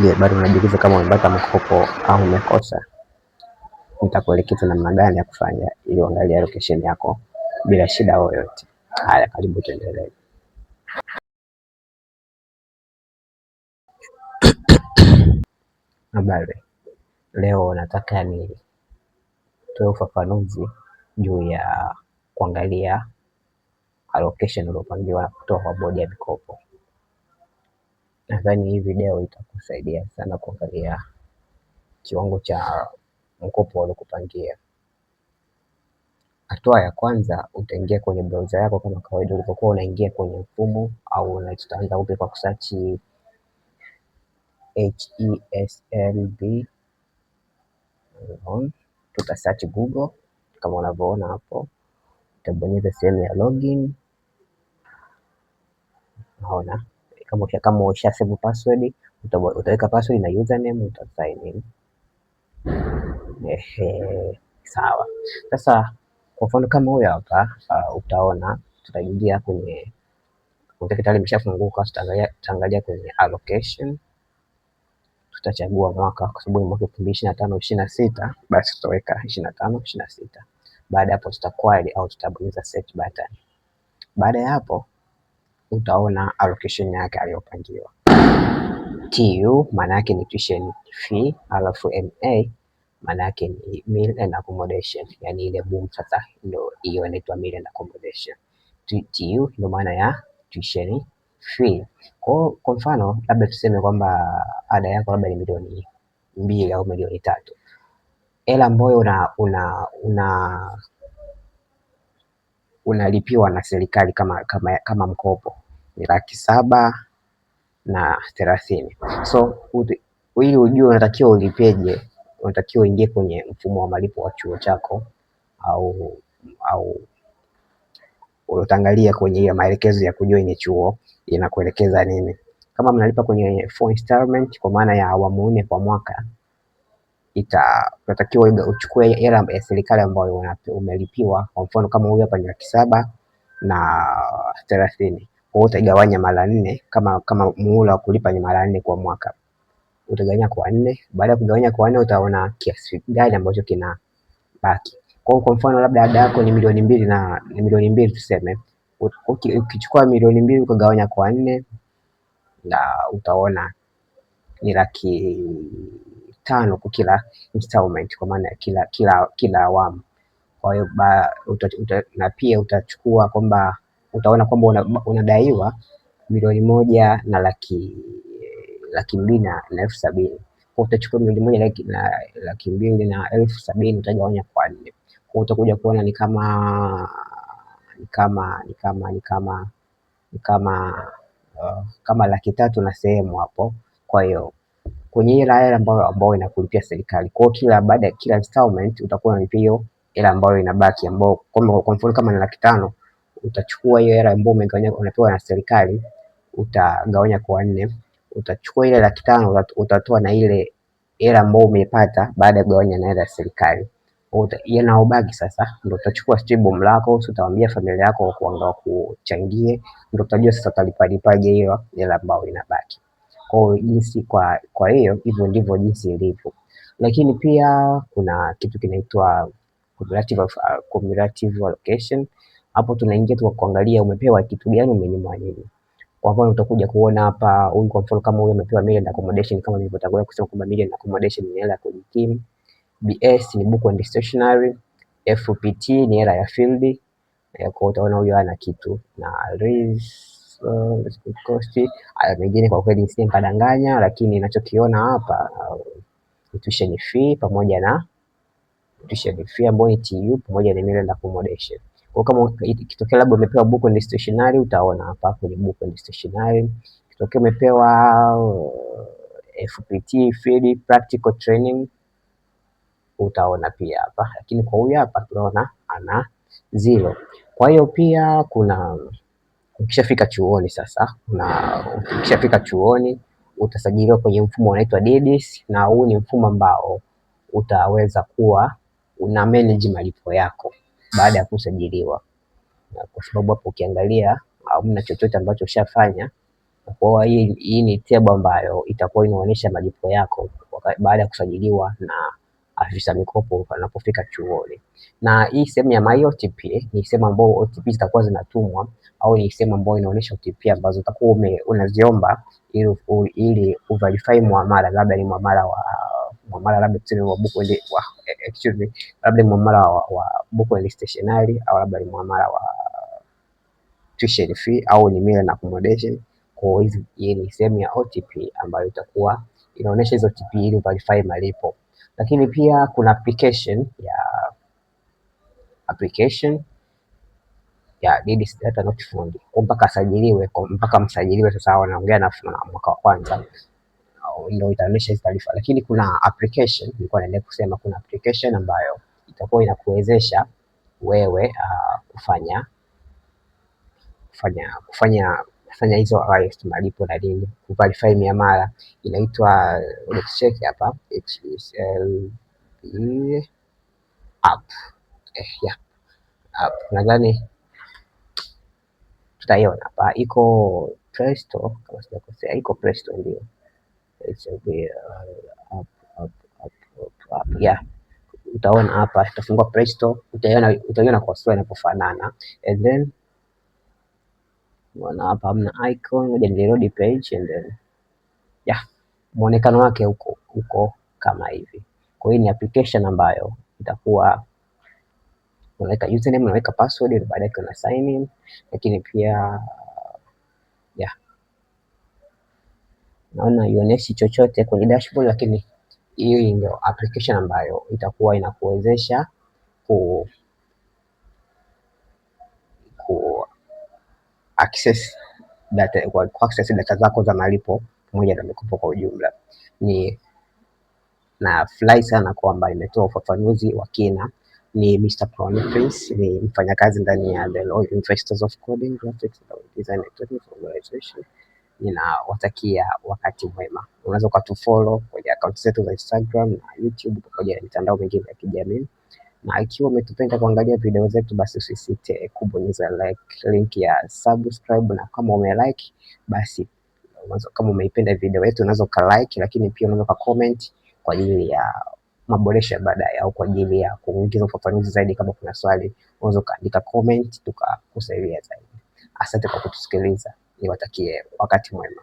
Je, bado unajiuliza kama umepata mkopo au umekosa? Nitakuelekeza namna gani ya kufanya ili uangalie location yako bila shida yoyote. Haya, karibu tuendelee. Habari. Leo nataka toe ufafanuzi juu ya kuangalia allocation uliopangiwa na kutoa kwa bodi ya mikopo. Nadhani hii video itakusaidia sana kuangalia kiwango cha mkopo waliokupangia. Hatua ya kwanza utaingia kwenye browser yako kama kawaida ulipokuwa unaingia kwenye mfumo au tutaanza upya kwa kusachi HESLB, tutasachi Google kama unavyoona hapo, utabonyeza sehemu ya login. Naona kama usha kama usha save password utaweka password na username uta sign in. Ehe, sawa. Sasa kwa mfano kama huyo hapa uh, utaona tutaingia kwenye kompyuta tayari imeshafunguka. Tutaangalia tutaangalia kwenye allocation, tutachagua mwaka kwa sababu ni mwaka elfu mbili ishirini na tano ishirini na sita basi tutaweka ishirini na tano ishirini na sita Baada ya hapo tuta query au tutabonyeza search button. Baada ya hapo utaona allocation yake aliyopangiwa. TU maana yake ni tuition fee, alafu MA maana yake ni meal and accommodation, yani ile boom sasa ndio hiyo inaitwa meal and accommodation. TU ndio maana ya tuition fee. Kwa kwa mfano labda tuseme kwamba ada yako labda ni milioni mbili au milioni tatu, hela ambayo una una una unalipiwa na serikali kama, kama, kama mkopo ni laki saba na thelathini. So ili ujue unatakiwa ulipeje, unatakiwa uingie kwenye mfumo wa malipo wa chuo chako au au utaangalia kwenye hiyo maelekezo ya kujua ni chuo inakuelekeza nini. Kama mnalipa kwenye four installment kwa maana ya awamu nne kwa mwaka ita unatakiwa uchukue hela ya serikali ambayo umelipiwa. Kwa mfano kama huyu hapa ni laki saba na thelathini, kwa hiyo utaigawanya mara nne, kama kama muhula wa kulipa ni mara nne kwa mwaka, utagawanya kwa nne. Baada ya kugawanya kwa nne, utaona kiasi gani ambacho kina baki. Kwa kwa mfano labda ada yako ni milioni mbili na ni milioni mbili tuseme, ukichukua milioni mbili ukagawanya kwa nne na utaona ni laki tano kwa kila installment, kwa maana kila kila kila awamu. Kwa hiyo na pia utachukua kwamba utaona kwamba unadaiwa una milioni moja na laki laki mbili na elfu sabini kwa utachukua milioni moja laki, na laki mbili na elfu sabini utagawanya kwa nne kwa utakuja kuona ni kama ni kama ni kama ni kama ni kama uh, kama laki tatu na sehemu hapo, kwa hiyo kwenye ile hela ambayo ambayo inakulipia serikali. Kwa hiyo kila baada ya kila installment utakuwa unalipia hiyo hela ambayo inabaki, ambayo kwa kwa mfano kama ni laki tano utachukua hiyo hela ambayo umegawanya unapewa na serikali utagawanya kwa nne, utachukua ile laki tano utatoa na ile hela ambayo umepata baada ya kugawanya na hela ya serikali yanayobaki sasa ndo utachukua sijui bomu lako, si utawaambia familia yako kuanga kuchangie, ndo utajua sasa utalipalipaje hiyo hela ambayo inabaki. Kwa jinsi kwa kwa hiyo hivyo ndivyo jinsi ilivyo, lakini pia kuna kitu kinaitwa cumulative, uh, cumulative allocation. Hapo tunaingia tu kuangalia umepewa kitu gani, umenyimwa nini. Kwa mfano utakuja kuona hapa huyu, kwa mfano kama huyu amepewa meal accommodation, kama nilivyotangulia kusema kwamba million accommodation ni hela ya kujikimu, BS ni book and stationery, FPT ni hela ya field. Eh, kwa utaona huyo ana kitu na REES uh, eh, Coast. Haya mengine kwa kweli si nikadanganya, lakini ninachokiona hapa uh, tuition fee pamoja na tuition fee ambayo ni TU pamoja na meal and accommodation. Kwa kama ikitokea labda umepewa book and stationery, utaona hapa kwenye book and stationery. Ikitokea umepewa eh, FPT field practical training utaona pia hapa, lakini kwa huyu hapa tunaona ana zero. Kwa hiyo pia kuna Ukishafika chuoni sasa, ukishafika chuoni utasajiliwa kwenye mfumo unaitwa DDS, na huu ni mfumo ambao utaweza kuwa una manage malipo yako baada ya kusajiliwa, kwa sababu hapo ukiangalia hamna chochote ambacho ushafanya. Kwa hiyo hii ni tebo ambayo itakuwa inaonyesha malipo yako baada ya kusajiliwa na afisa mikopo anapofika chuoni. Na hii sehemu ya my OTP ni sehemu ambayo OTP zitakuwa zinatumwa au ni sehemu ambayo inaonyesha OTP ambazo utakuwa unaziomba ili, ili uverify muamala, labda ni muamala wa muamala labda tuseme wa book ile wa excuse me, labda muamala wa, wa book ile stationery au labda ni muamala wa tuition fee au ni meal na accommodation. Kwa hiyo hii ni sehemu ya OTP ambayo itakuwa inaonyesha hizo OTP ili uverify malipo lakini pia kuna application ya application ya Didis Data Not Found mpaka asajiliwe, mpaka msajiliwe. Sasa wanaongea na mwaka wa kwanza ndio itaonyesha hizi taarifa, lakini kuna application nilikuwa naendelea kusema, kuna application ambayo itakuwa inakuwezesha wewe uh, kufanya kufanya kufanya utafanya hizo hizo malipo na deni kuverify miamala inaitwa check hapa HSL app eh, yeah. app nadhani tutaiona hapa, iko Play Store kama sijakosea, iko Play Store ndio app app app yeah utaona hapa, tutafungua Play Store, utaiona utaiona kwa sura inapofanana and then Mwana hapa hamna icon, ngoja nirudi page and then yeah, muonekano wake uko uko kama hivi. Kwa hiyo ni application ambayo itakuwa unaweka username, unaweka password na baadaye una sign in, lakini pia yeah, naona ionyeshi chochote kwenye dashboard, lakini hiyo ndio application ambayo itakuwa inakuwezesha ku access data, kwa access data zako za malipo pamoja na mikopo kwa ujumla. Ni na fly sana kwamba imetoa ufafanuzi wa kina. Ni Mr. Prono Prince, ni mfanyakazi ndani ya The Loyal Investors of Coding, Graphics, and Design Technical Organization. Ninawatakia wakati mwema. Unaweza ukatufollow kwenye akaunti zetu za Instagram na YouTube pamoja na mitandao mingine ya kijamii na ikiwa umetupenda kuangalia video zetu, basi usisite kubonyeza like, link ya subscribe, na kama umelike basi unaweza, kama umeipenda video yetu unaweza ukalike, lakini pia unaweza ukakomenti kwa ajili ya maboresho ya baadaye au kwa ajili ya kuongeza ufafanuzi zaidi. Kama kuna swali unaweza ukaandika comment tukakusaidia zaidi. Asante kwa kutusikiliza, niwatakie wakati mwema.